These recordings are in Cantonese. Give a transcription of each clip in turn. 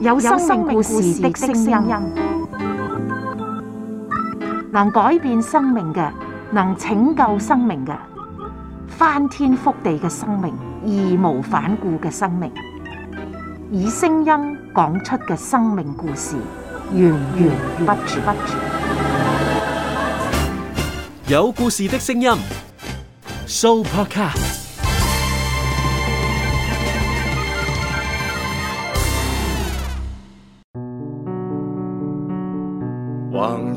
有生命故事的聲音，能改變生命嘅，能拯救生命嘅，翻天覆地嘅生命，義無反顧嘅生命，以聲音講出嘅生命故事，源源不絕。有故事的聲音，Supercast。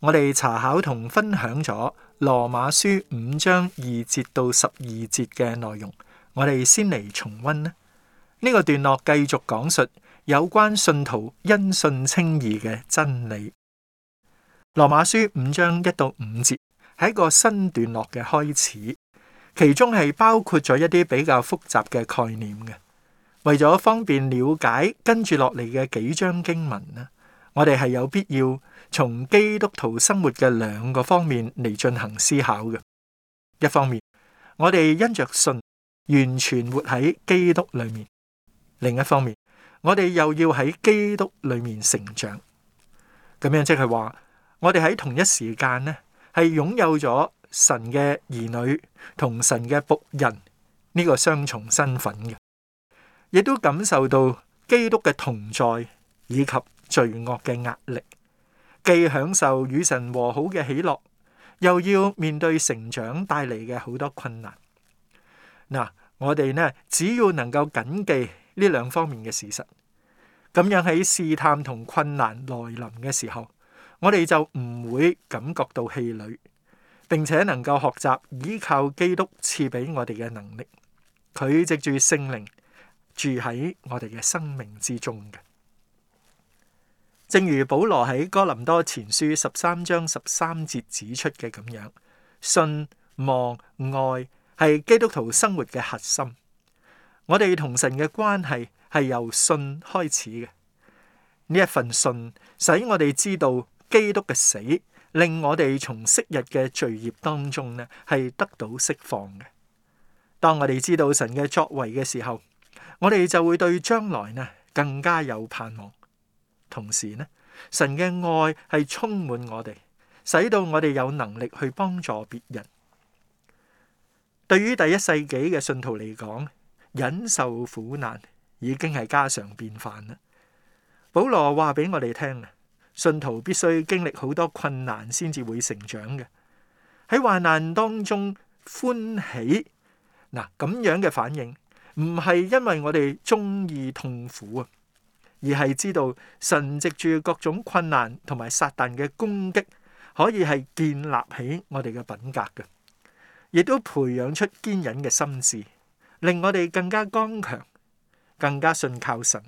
我哋查考同分享咗羅馬書五章二節到十二節嘅內容，我哋先嚟重温啦。呢、呢個段落繼續講述有關信徒因信稱義嘅真理。羅馬書五章一到五節係一個新段落嘅開始，其中係包括咗一啲比較複雜嘅概念嘅。為咗方便了解跟住落嚟嘅幾章經文啦，我哋係有必要。從基督徒生活嘅兩個方面嚟進行思考嘅，一方面我哋因着信完全活喺基督裏面；另一方面我哋又要喺基督裏面成長。咁樣即係話，我哋喺同一時間呢係擁有咗神嘅兒女同神嘅僕人呢個雙重身份嘅，亦都感受到基督嘅同在以及罪惡嘅壓力。既享受與神和好嘅喜樂，又要面對成長帶嚟嘅好多困難。嗱，我哋呢，只要能夠謹記呢兩方面嘅事實，咁樣喺試探同困難來臨嘅時候，我哋就唔會感覺到氣餒，並且能夠學習依靠基督賜俾我哋嘅能力，佢藉住聖靈住喺我哋嘅生命之中嘅。正如保羅喺哥林多前書十三章十三節指出嘅咁樣，信望愛係基督徒生活嘅核心。我哋同神嘅關係係由信開始嘅。呢一份信使我哋知道基督嘅死，令我哋從昔日嘅罪孽當中呢係得到釋放嘅。當我哋知道神嘅作為嘅時候，我哋就會對將來呢更加有盼望。同時呢，神嘅愛係充滿我哋，使到我哋有能力去幫助別人。對於第一世紀嘅信徒嚟講，忍受苦難已經係家常便飯啦。保羅話俾我哋聽，信徒必須經歷好多困難先至會成長嘅。喺患難當中歡喜，嗱，咁樣嘅反應唔係因為我哋中意痛苦啊。而係知道神藉住各種困難同埋撒旦嘅攻擊，可以係建立起我哋嘅品格嘅，亦都培養出堅忍嘅心智，令我哋更加剛強，更加信靠神，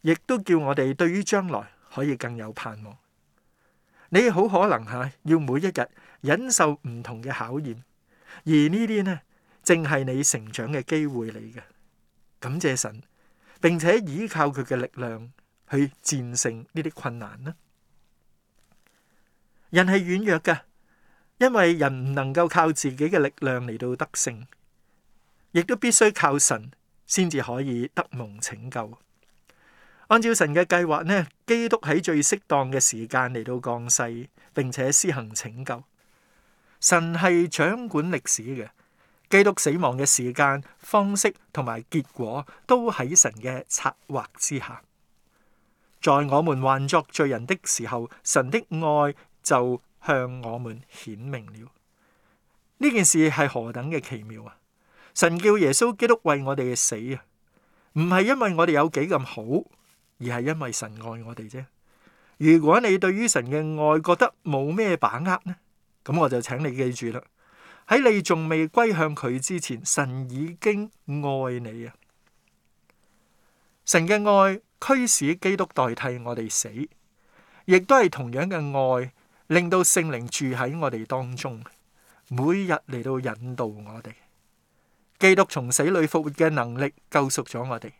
亦都叫我哋對於將來可以更有盼望。你好可能嚇要每一日忍受唔同嘅考驗，而呢啲呢正係你成長嘅機會嚟嘅。感謝神。並且依靠佢嘅力量去戰勝呢啲困難啦。人係軟弱嘅，因為人唔能夠靠自己嘅力量嚟到得勝，亦都必須靠神先至可以得蒙拯救。按照神嘅計劃咧，基督喺最適當嘅時間嚟到降世，並且施行拯救。神係掌管歷史嘅。基督死亡嘅時間、方式同埋結果都喺神嘅策劃之下。在我們幻作罪人的時候，神的愛就向我們顯明了。呢件事係何等嘅奇妙啊！神叫耶穌基督為我哋嘅死啊，唔係因為我哋有幾咁好，而係因為神愛我哋啫。如果你對於神嘅愛覺得冇咩把握呢，咁我就請你記住啦。喺你仲未歸向佢之前，神已經愛你啊！神嘅愛驅使基督代替我哋死，亦都係同樣嘅愛令到聖靈住喺我哋當中，每日嚟到引導我哋。基督從死裏復活嘅能力救贖咗我哋，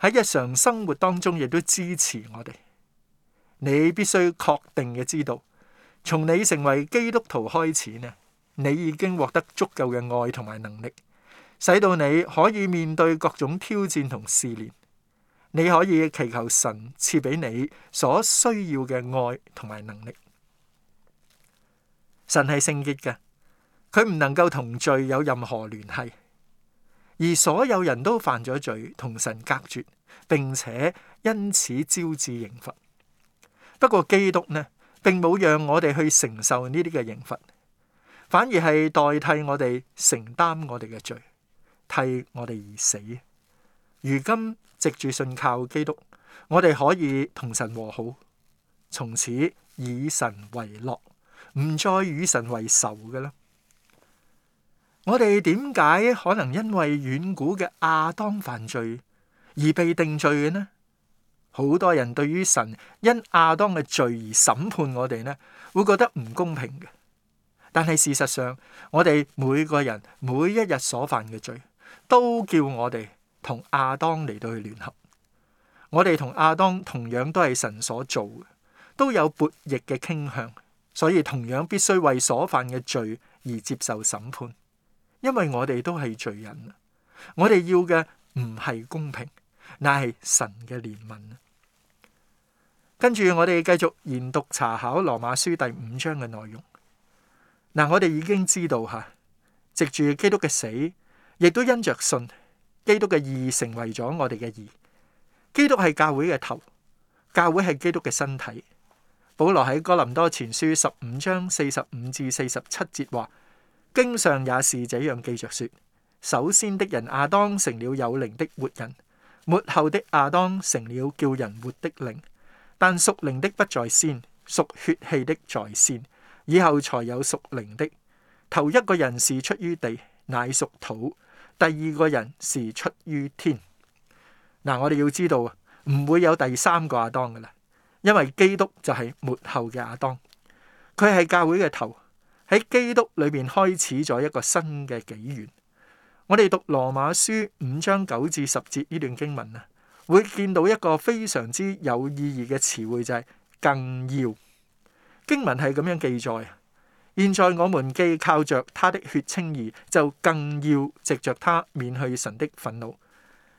喺日常生活當中亦都支持我哋。你必須確定嘅知道，從你成為基督徒開始呢，你已經獲得足夠嘅愛同埋能力，使到你可以面對各種挑戰同試煉。你可以祈求神賜俾你所需要嘅愛同埋能力。神係聖潔嘅，佢唔能夠同罪有任何聯繫，而所有人都犯咗罪，同神隔絕，並且因此招致刑罰。不過基督呢，並冇讓我哋去承受呢啲嘅刑罰。反而係代替我哋承擔我哋嘅罪，替我哋而死。如今藉住信靠基督，我哋可以同神和好，從此以神為樂，唔再與神為仇嘅啦。我哋點解可能因為遠古嘅亞當犯罪而被定罪嘅呢？好多人對於神因亞當嘅罪而審判我哋呢，會覺得唔公平嘅。但係事實上，我哋每個人每一日所犯嘅罪，都叫我哋同亞當嚟到去聯合。我哋同亞當同樣都係神所做，都有悖逆嘅傾向，所以同樣必須為所犯嘅罪而接受審判，因為我哋都係罪人，我哋要嘅唔係公平，乃係神嘅憐憫。跟住我哋繼續研讀查考羅馬書第五章嘅內容。嗱，我哋已經知道吓，藉住基督嘅死，亦都因着信，基督嘅義成為咗我哋嘅義。基督係教會嘅頭，教會係基督嘅身體。保羅喺哥林多前書十五章四十五至四十七節話：經上也是這樣記着說，首先的人亞當成了有靈的活人，末後的亞當成了叫人活的靈。但屬靈的不在先，屬血氣的在先。以後才有屬靈的。頭一個人是出於地，乃屬土；第二個人是出於天。嗱，我哋要知道啊，唔會有第三個亞當噶啦，因為基督就係末後嘅亞當，佢係教會嘅頭，喺基督裏邊開始咗一個新嘅紀元。我哋讀羅馬書五章九至十節呢段經文啊，會見到一個非常之有意義嘅詞彙，就係、是、更要。經文係咁樣記載。現在我們既靠着他的血稱義，就更要藉着他免去神的憤怒，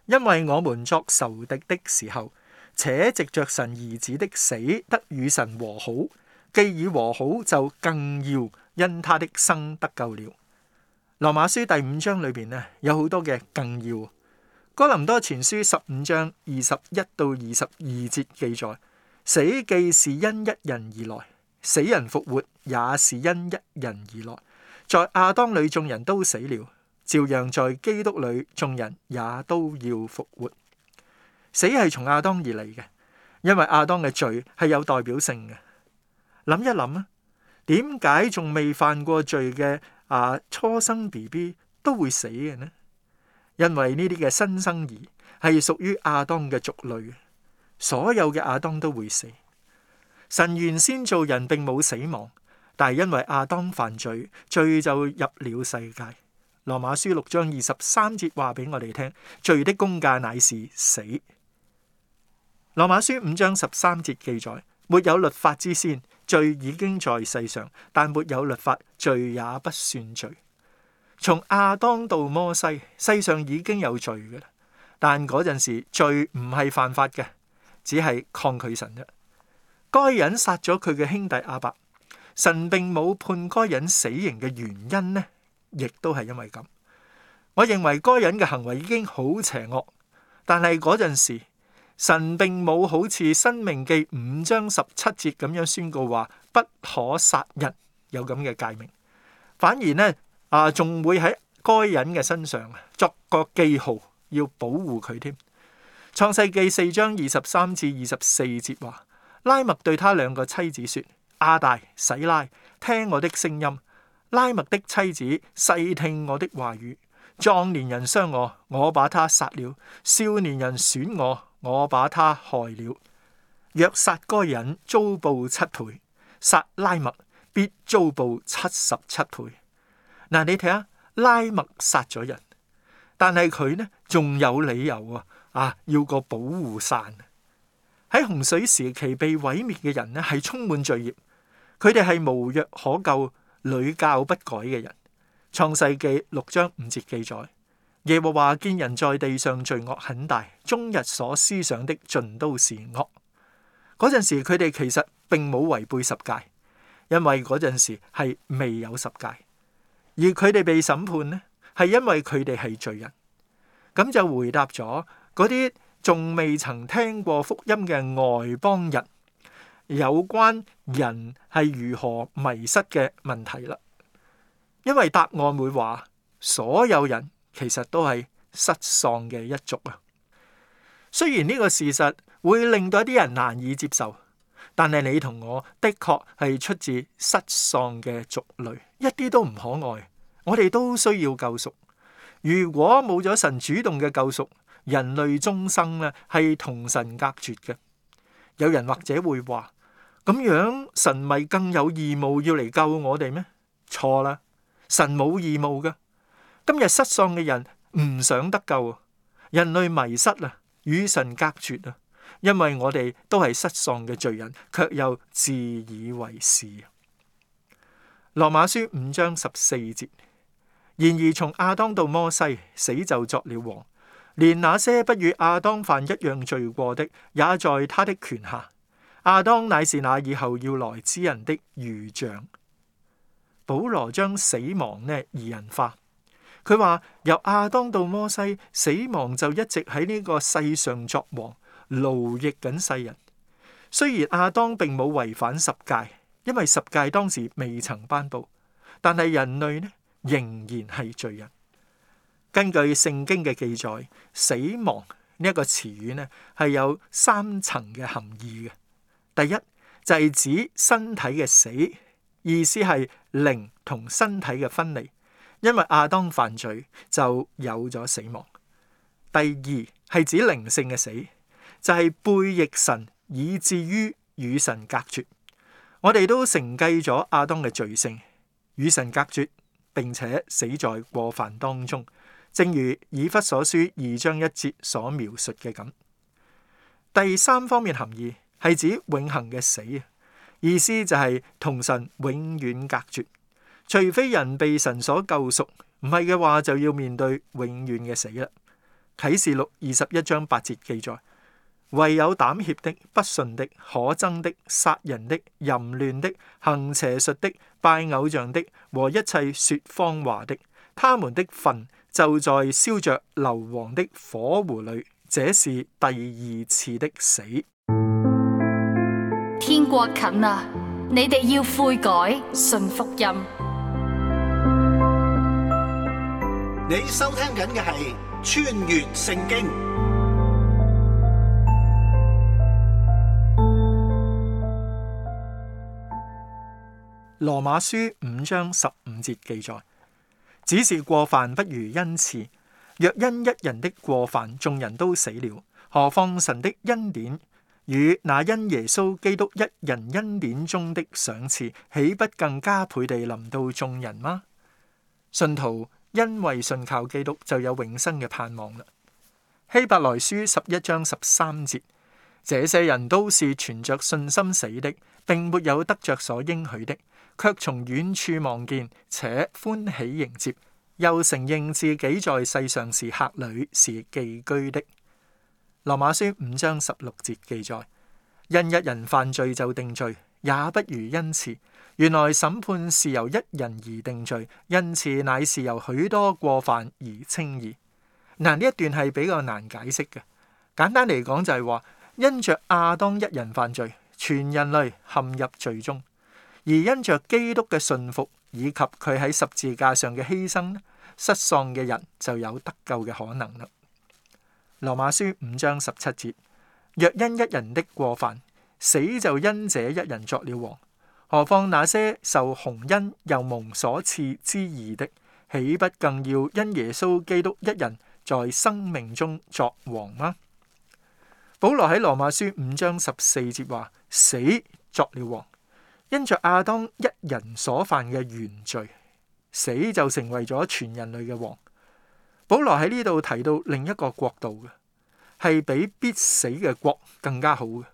因為我們作仇敵的時候，且藉着神兒子的死得與神和好。既已和好，就更要因他的生得救了。羅馬書第五章裏邊呢有好多嘅更要。哥林多前書十五章二十一到二十二節記載，死既是因一人而來。死人復活也是因一人而來，在亞當裏眾人都死了，照樣在基督裏眾人也都要復活。死係從亞當而嚟嘅，因為亞當嘅罪係有代表性嘅。諗一諗啊，點解仲未犯過罪嘅啊初生 BB 都會死嘅呢？因為呢啲嘅新生兒係屬於亞當嘅族類，所有嘅亞當都會死。神原先做人並冇死亡，但係因為亞當犯罪，罪就入了世界。羅馬書六章二十三節話俾我哋聽：罪的公價乃是死。羅馬書五章十三節記載：沒有律法之先，罪已經在世上，但沒有律法，罪也不算罪。從亞當到摩西，世上已經有罪嘅，但嗰陣時罪唔係犯法嘅，只係抗拒神啫。該隱殺咗佢嘅兄弟亞伯，神並冇判該隱死刑嘅原因呢，亦都係因為咁。我認為該隱嘅行為已經好邪惡，但係嗰陣時神並冇好似《申命記》五章十七節咁樣宣告話不可殺人，有咁嘅誡命。反而呢，啊，仲會喺該隱嘅身上作個記號，要保護佢添。創世記四章二十三至二十四節話。拉麥對他兩個妻子說：阿大、洗拉，聽我的聲音。拉麥的妻子細聽我的話語。壯年人傷我，我把他殺了；少年人損我，我把他害了。若殺該隱，遭報七倍；殺拉麥，必遭報七十七倍。嗱、呃，你睇下，拉麥殺咗人，但係佢呢仲有理由啊！啊，要個保護傘。喺洪水時期被毀滅嘅人呢係充滿罪孽。佢哋係無藥可救、屢教不改嘅人。創世記六章五節記載：耶和華見人在地上罪惡很大，終日所思想的盡都是惡。嗰陣時佢哋其實並冇違背十戒，因為嗰陣時係未有十戒，而佢哋被審判呢係因為佢哋係罪人。咁就回答咗嗰啲。仲未曾聽過福音嘅外邦人，有關人係如何迷失嘅問題啦，因為答案會話，所有人其實都係失喪嘅一族啊。雖然呢個事實會令到一啲人難以接受，但係你同我的確係出自失喪嘅族類，一啲都唔可愛。我哋都需要救贖。如果冇咗神主動嘅救贖，人類終生咧係同神隔絕嘅。有人或者會話咁樣，神咪更有義務要嚟救我哋咩？錯啦，神冇義務噶。今日失喪嘅人唔想得救啊！人類迷失啊，與神隔絕啊，因為我哋都係失喪嘅罪人，卻又自以為是。羅馬書五章十四節，然而從亞當到摩西，死就作了王。連那些不與亞當犯一樣罪過的，也在他的權下。亞當乃是那以後要來之人的預像。保羅將死亡呢擬人化，佢話由亞當到摩西，死亡就一直喺呢個世上作王，奴役緊世人。雖然亞當並冇違反十誡，因為十誡當時未曾頒布，但係人類呢仍然係罪人。根據聖經嘅記載，死亡呢一個詞語咧係有三層嘅含義嘅。第一就係指身體嘅死，意思係靈同身體嘅分離，因為亞當犯罪就有咗死亡。第二係指靈性嘅死，就係背逆神，以至於與神隔絕。我哋都承繼咗亞當嘅罪性，與神隔絕並且死在過犯當中。正如《以弗所書》二章一節所描述嘅咁，第三方面含義係指永恒嘅死啊。意思就係同神永遠隔絕，除非人被神所救贖，唔係嘅話就要面對永遠嘅死啦。《啟示錄》二十一章八節記載：唯有膽怯的、不信的、可憎的、殺人的、淫亂的、行邪術的、拜偶像的和一切說謊話的，他們的分。就在燒着硫磺的火湖裏，這是第二次的死。天國近啦，你哋要悔改，信福音。你收聽緊嘅係《穿越聖經》。羅馬書五章十五節記載。只是過犯，不如恩賜。若因一人的過犯，眾人都死了，何況神的恩典與那因耶穌基督一人恩典中的賞賜，豈不更加倍地臨到眾人嗎？信徒因為信靠基督，就有永生嘅盼望啦。希伯來書十一章十三節，這些人都是存着信心死的，並沒有得着所應許的。卻從遠處望見，且歡喜迎接，又承認自己在世上是客旅，是寄居的。羅馬書五章十六節記載：因一人犯罪就定罪，也不如恩賜。原來審判是由一人而定罪，恩賜乃是由許多過犯而稱義。嗱，呢一段係比較難解釋嘅。簡單嚟講就係話，因着亞當一人犯罪，全人類陷入罪中。而因着基督嘅信服以及佢喺十字架上嘅犧牲，呢失喪嘅人就有得救嘅可能啦。羅馬書五章十七節：若因一人的過犯，死就因這一人作了王，何況那些受洪恩又蒙所賜之義的，豈不更要因耶穌基督一人在生命中作王嗎？保羅喺羅馬書五章十四節話：死作了王。因着亞當一人所犯嘅原罪，死就成為咗全人類嘅王。保羅喺呢度提到另一個國度嘅，係比必死嘅國更加好嘅，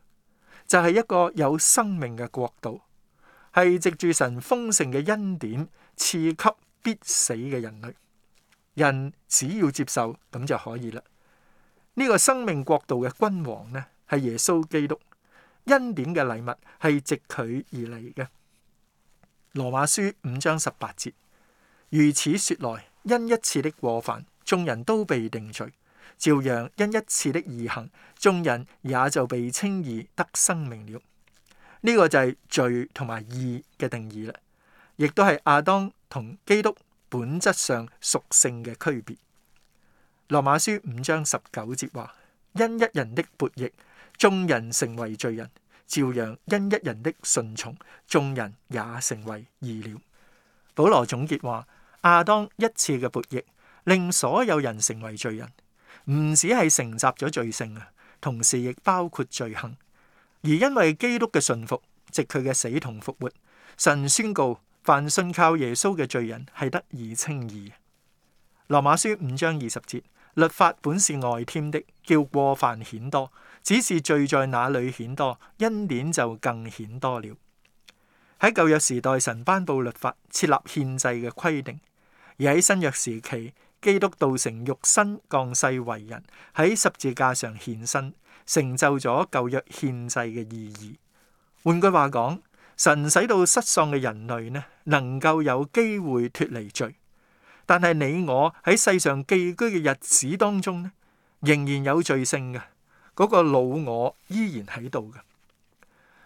就係、是、一個有生命嘅國度，係藉住神豐盛嘅恩典賜給必死嘅人類，人只要接受咁就可以啦。呢、這個生命國度嘅君王呢，係耶穌基督。恩典嘅禮物係藉佢而嚟嘅。羅馬書五章十八節，如此說來，因一次的過犯，眾人都被定罪；照樣因一次的義行，眾人也就被稱義得生命了。呢、這個就係罪同埋義嘅定義啦，亦都係亞當同基督本質上屬性嘅區別。羅馬書五章十九節話：因一人的悖逆。眾人成為罪人，照樣因一人的順從，眾人也成為義了。保羅總結話：亞當一次嘅悖逆，令所有人成為罪人，唔止係承襲咗罪性啊，同時亦包括罪行。而因為基督嘅信服，藉佢嘅死同復活，神宣告凡信靠耶穌嘅罪人係得以稱義。羅馬書五章二十節，律法本是外添的，叫過犯顯多。只是罪在哪裏顯多，恩典就更顯多了。喺舊約時代，神頒布律法，設立獻祭嘅規定；而喺新約時期，基督道成肉身，降世為人，喺十字架上獻身，成就咗舊約獻祭嘅意義。換句話講，神使到失喪嘅人類呢，能夠有機會脫離罪。但係你我喺世上寄居嘅日子當中呢，仍然有罪性嘅。嗰個老我依然喺度嘅。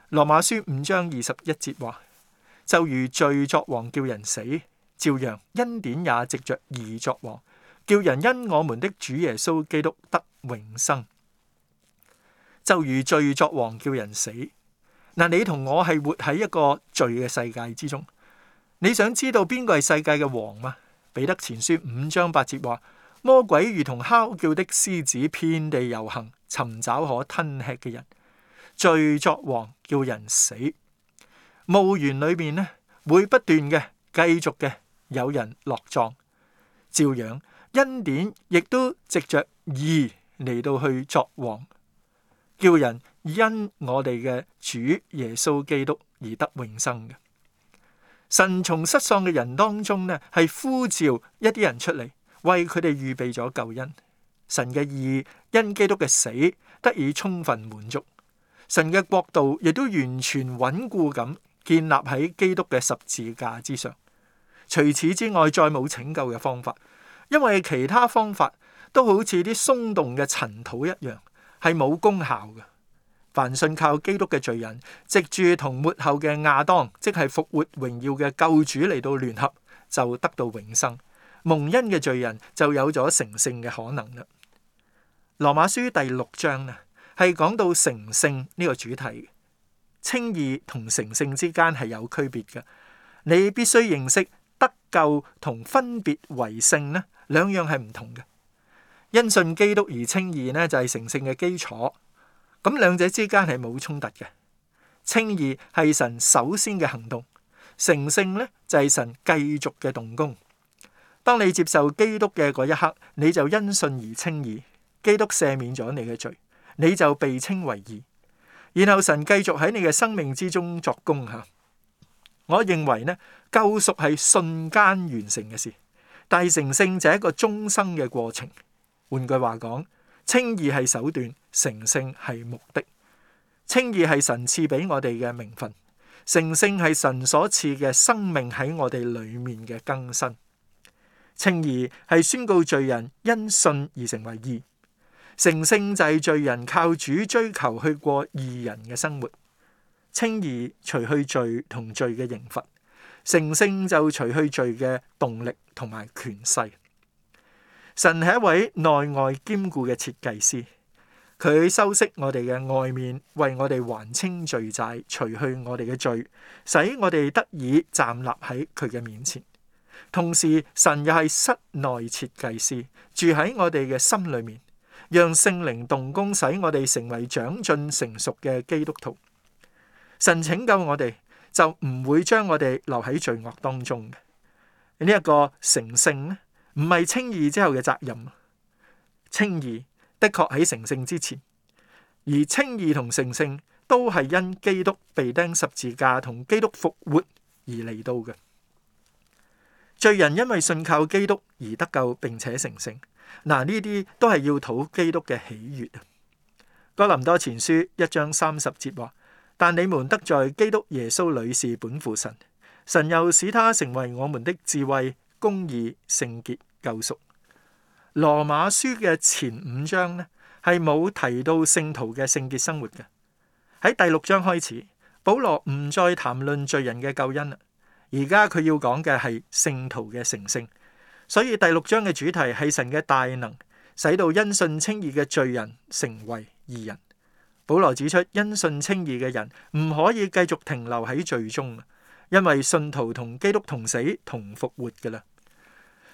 羅馬書五章二十一節話：就如罪作王叫人死，照樣恩典也藉着義作王，叫人因我們的主耶穌基督得永生。就如罪作王叫人死，嗱，你同我係活喺一個罪嘅世界之中，你想知道邊個係世界嘅王嗎？彼得前書五章八節話：魔鬼如同敲叫的獅子，遍地遊行。尋找可吞吃嘅人，罪作王叫人死。墓園裏面呢，會不斷嘅，繼續嘅有人落葬，照樣恩典亦都藉着義嚟到去作王，叫人因我哋嘅主耶穌基督而得永生嘅。神從失喪嘅人當中呢，係呼召一啲人出嚟，為佢哋預備咗救恩。神嘅義因基督嘅死得以充分滿足，神嘅國度亦都完全穩固咁建立喺基督嘅十字架之上。除此之外，再冇拯救嘅方法，因為其他方法都好似啲鬆動嘅塵土一樣，係冇功效嘅。凡信靠基督嘅罪人，藉住同末後嘅亞當，即係復活榮耀嘅救主嚟到聯合，就得到永生。蒙恩嘅罪人就有咗成聖嘅可能啦。羅馬書第六章咧，係講到成聖呢個主題，稱義同成聖之間係有區別嘅。你必須認識得救同分別為聖咧，兩樣係唔同嘅。因信基督而稱義呢，就係成聖嘅基礎，咁兩者之間係冇衝突嘅。稱義係神首先嘅行動，成聖呢，就係神繼續嘅動工。當你接受基督嘅嗰一刻，你就因信而稱義。基督赦免咗你嘅罪，你就被稱為義。然後神繼續喺你嘅生命之中作工下。我認為呢，救贖係瞬間完成嘅事，但係成聖就係一個終生嘅過程。換句話講，稱義係手段，成聖係目的。稱義係神賜俾我哋嘅名分，成聖係神所賜嘅生命喺我哋裏面嘅更新。稱義係宣告罪人因信而成為義。成聖就係罪人靠主追求去過義人嘅生活，稱義除去罪同罪嘅刑罰，成聖就除去罪嘅動力同埋權勢。神係一位內外兼顧嘅設計師，佢修飾我哋嘅外面，為我哋還清罪債，除去我哋嘅罪，使我哋得以站立喺佢嘅面前。同時，神又係室內設計師，住喺我哋嘅心裏面。讓聖靈動工，使我哋成為長進成熟嘅基督徒。神拯救我哋，就唔會將我哋留喺罪惡當中嘅。呢、這、一個成聖咧，唔係稱義之後嘅責任。稱義的確喺成聖之前，而稱義同成聖都係因基督被釘十字架同基督復活而嚟到嘅。罪人因為信靠基督而得救，並且成聖。嗱，呢啲都係要討基督嘅喜悅啊！哥林多前書一章三十節話：但你們得在基督耶穌裏是本乎神，神又使他成為我們的智慧、公義、聖潔、救贖。羅馬書嘅前五章呢，係冇提到聖徒嘅聖潔生活嘅。喺第六章開始，保羅唔再談論罪人嘅救恩，而家佢要講嘅係聖徒嘅成聖。所以第六章嘅主題係神嘅大能，使到因信稱義嘅罪人成為義人。保羅指出，因信稱義嘅人唔可以繼續停留喺罪中，因為信徒同基督同死同復活㗎喇。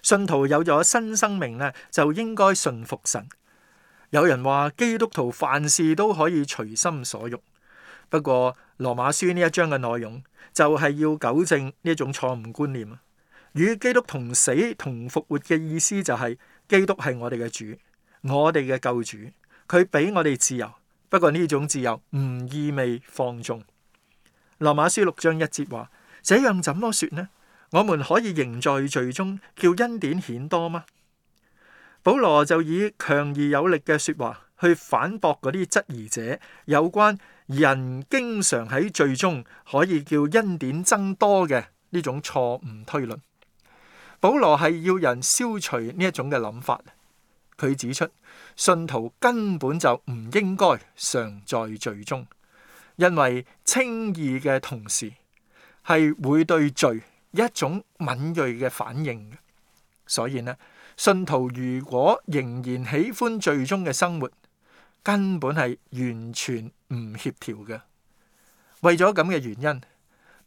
信徒有咗新生命咧，就應該順服神。有人話基督徒凡事都可以隨心所欲，不過羅馬書呢一章嘅內容就係要糾正呢一種錯誤觀念。與基督同死同復活嘅意思就係、是、基督係我哋嘅主，我哋嘅救主。佢俾我哋自由，不過呢種自由唔意味放縱。羅馬書六章一節話：這樣怎麼說呢？我們可以仍在罪中，叫恩典顯多嗎？保羅就以強而有力嘅說話去反駁嗰啲質疑者有關人經常喺罪中可以叫恩典增多嘅呢種錯誤推論。保羅係要人消除呢一種嘅諗法，佢指出，信徒根本就唔應該常在罪中，因為輕易嘅同時係會對罪一種敏銳嘅反應。所以呢，信徒如果仍然喜歡罪中嘅生活，根本係完全唔協調嘅。為咗咁嘅原因，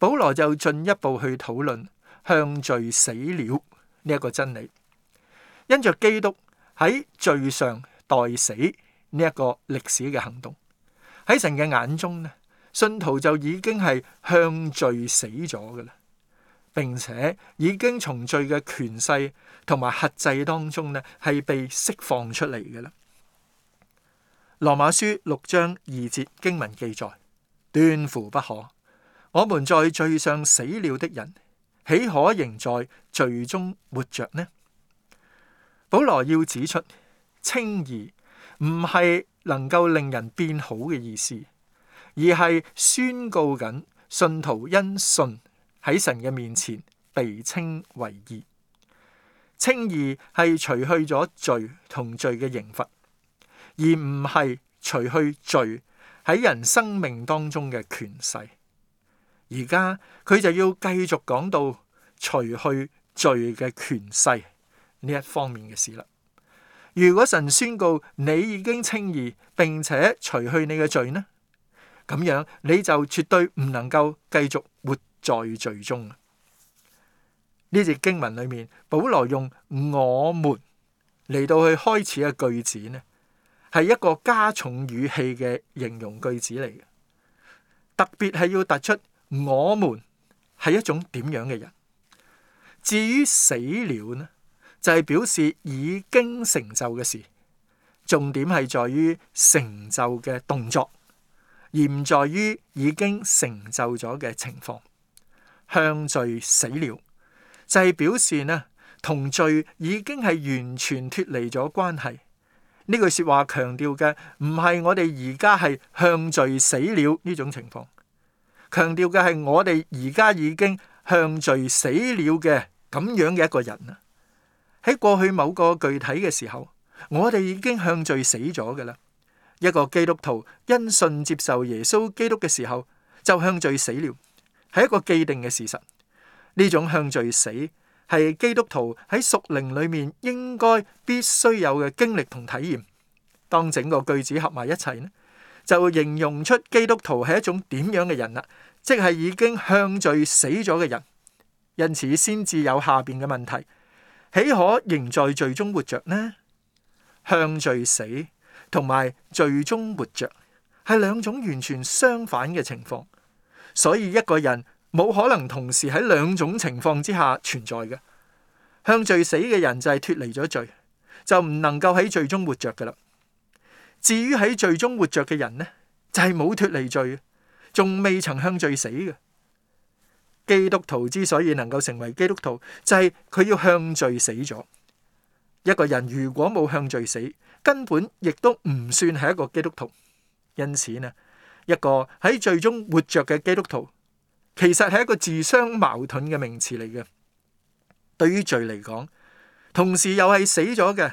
保羅就進一步去討論。向罪死了呢一、這個真理，因着基督喺罪上代死呢一、這個歷史嘅行動，喺神嘅眼中呢，信徒就已經係向罪死咗嘅啦，並且已經從罪嘅權勢同埋轄制當中呢係被釋放出嚟嘅啦。羅馬書六章二節經文記載：斷乎不可，我們在罪上死了的人。豈可仍在罪中活着呢？保羅要指出，稱義唔係能夠令人變好嘅意思，而係宣告緊信徒因信喺神嘅面前被稱為義。稱義係除去咗罪同罪嘅刑罰，而唔係除去罪喺人生命當中嘅權勢。而家佢就要繼續講到除去罪嘅權勢呢一方面嘅事啦。如果神宣告你已經稱義，並且除去你嘅罪呢，咁樣你就絕對唔能夠繼續活在罪中。呢節經文裏面，保羅用我們嚟到去開始嘅句子呢，係一個加重語氣嘅形容句子嚟嘅，特別係要突出。我們係一種點樣嘅人？至於死了呢，就係表示已經成就嘅事。重點係在於成就嘅動作，而唔在於已經成就咗嘅情況。向罪死了就係表示呢，同罪已經係完全脫離咗關係。呢句說話強調嘅唔係我哋而家係向罪死了呢種情況。強調嘅係我哋而家已經向罪死了嘅咁樣嘅一個人啦。喺過去某個具體嘅時候，我哋已經向罪死咗㗎喇。一個基督徒因信接受耶穌基督嘅時候，就向罪死了，係一個既定嘅事實。呢種向罪死係基督徒喺屬靈裏面應該必須有嘅經歷同體驗。當整個句子合埋一齊呢？就形容出基督徒係一種點樣嘅人啦，即係已經向罪死咗嘅人，因此先至有下邊嘅問題，豈可仍在罪中活着呢？向罪死同埋罪中活着係兩種完全相反嘅情況，所以一個人冇可能同時喺兩種情況之下存在嘅。向罪死嘅人就係脫離咗罪，就唔能夠喺罪中活着嘅啦。至於喺罪中活着嘅人呢，就係冇脫離罪，仲未曾向罪死嘅。基督徒之所以能夠成為基督徒，就係佢要向罪死咗。一個人如果冇向罪死，根本亦都唔算係一個基督徒。因此呢，一個喺罪中活着嘅基督徒，其實係一個自相矛盾嘅名詞嚟嘅。對於罪嚟講，同時又係死咗嘅，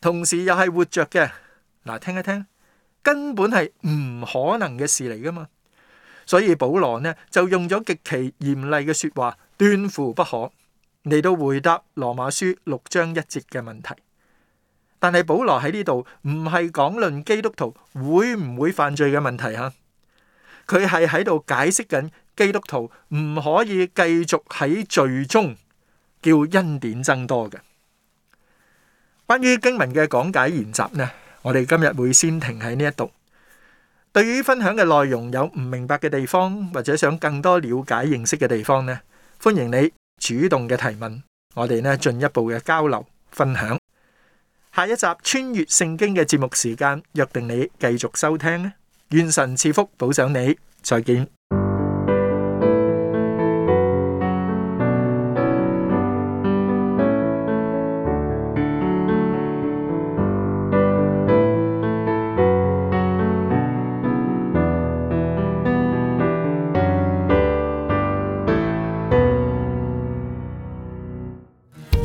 同時又係活着嘅。嗱，聽一聽，根本係唔可能嘅事嚟噶嘛，所以保羅呢就用咗極其嚴厲嘅說話，斷乎不可嚟到回答羅馬書六章一節嘅問題。但係保羅喺呢度唔係講論基督徒會唔會犯罪嘅問題吓，佢係喺度解釋緊基督徒唔可以繼續喺罪中叫恩典增多嘅。關於經文嘅講解原則呢，我哋今日會先停喺呢一度。對於分享嘅內容有唔明白嘅地方，或者想更多了解認識嘅地方呢，歡迎你主動嘅提問，我哋呢進一步嘅交流分享。下一集穿越聖經嘅節目時間，約定你繼續收聽呢。願神賜福保守你，再見。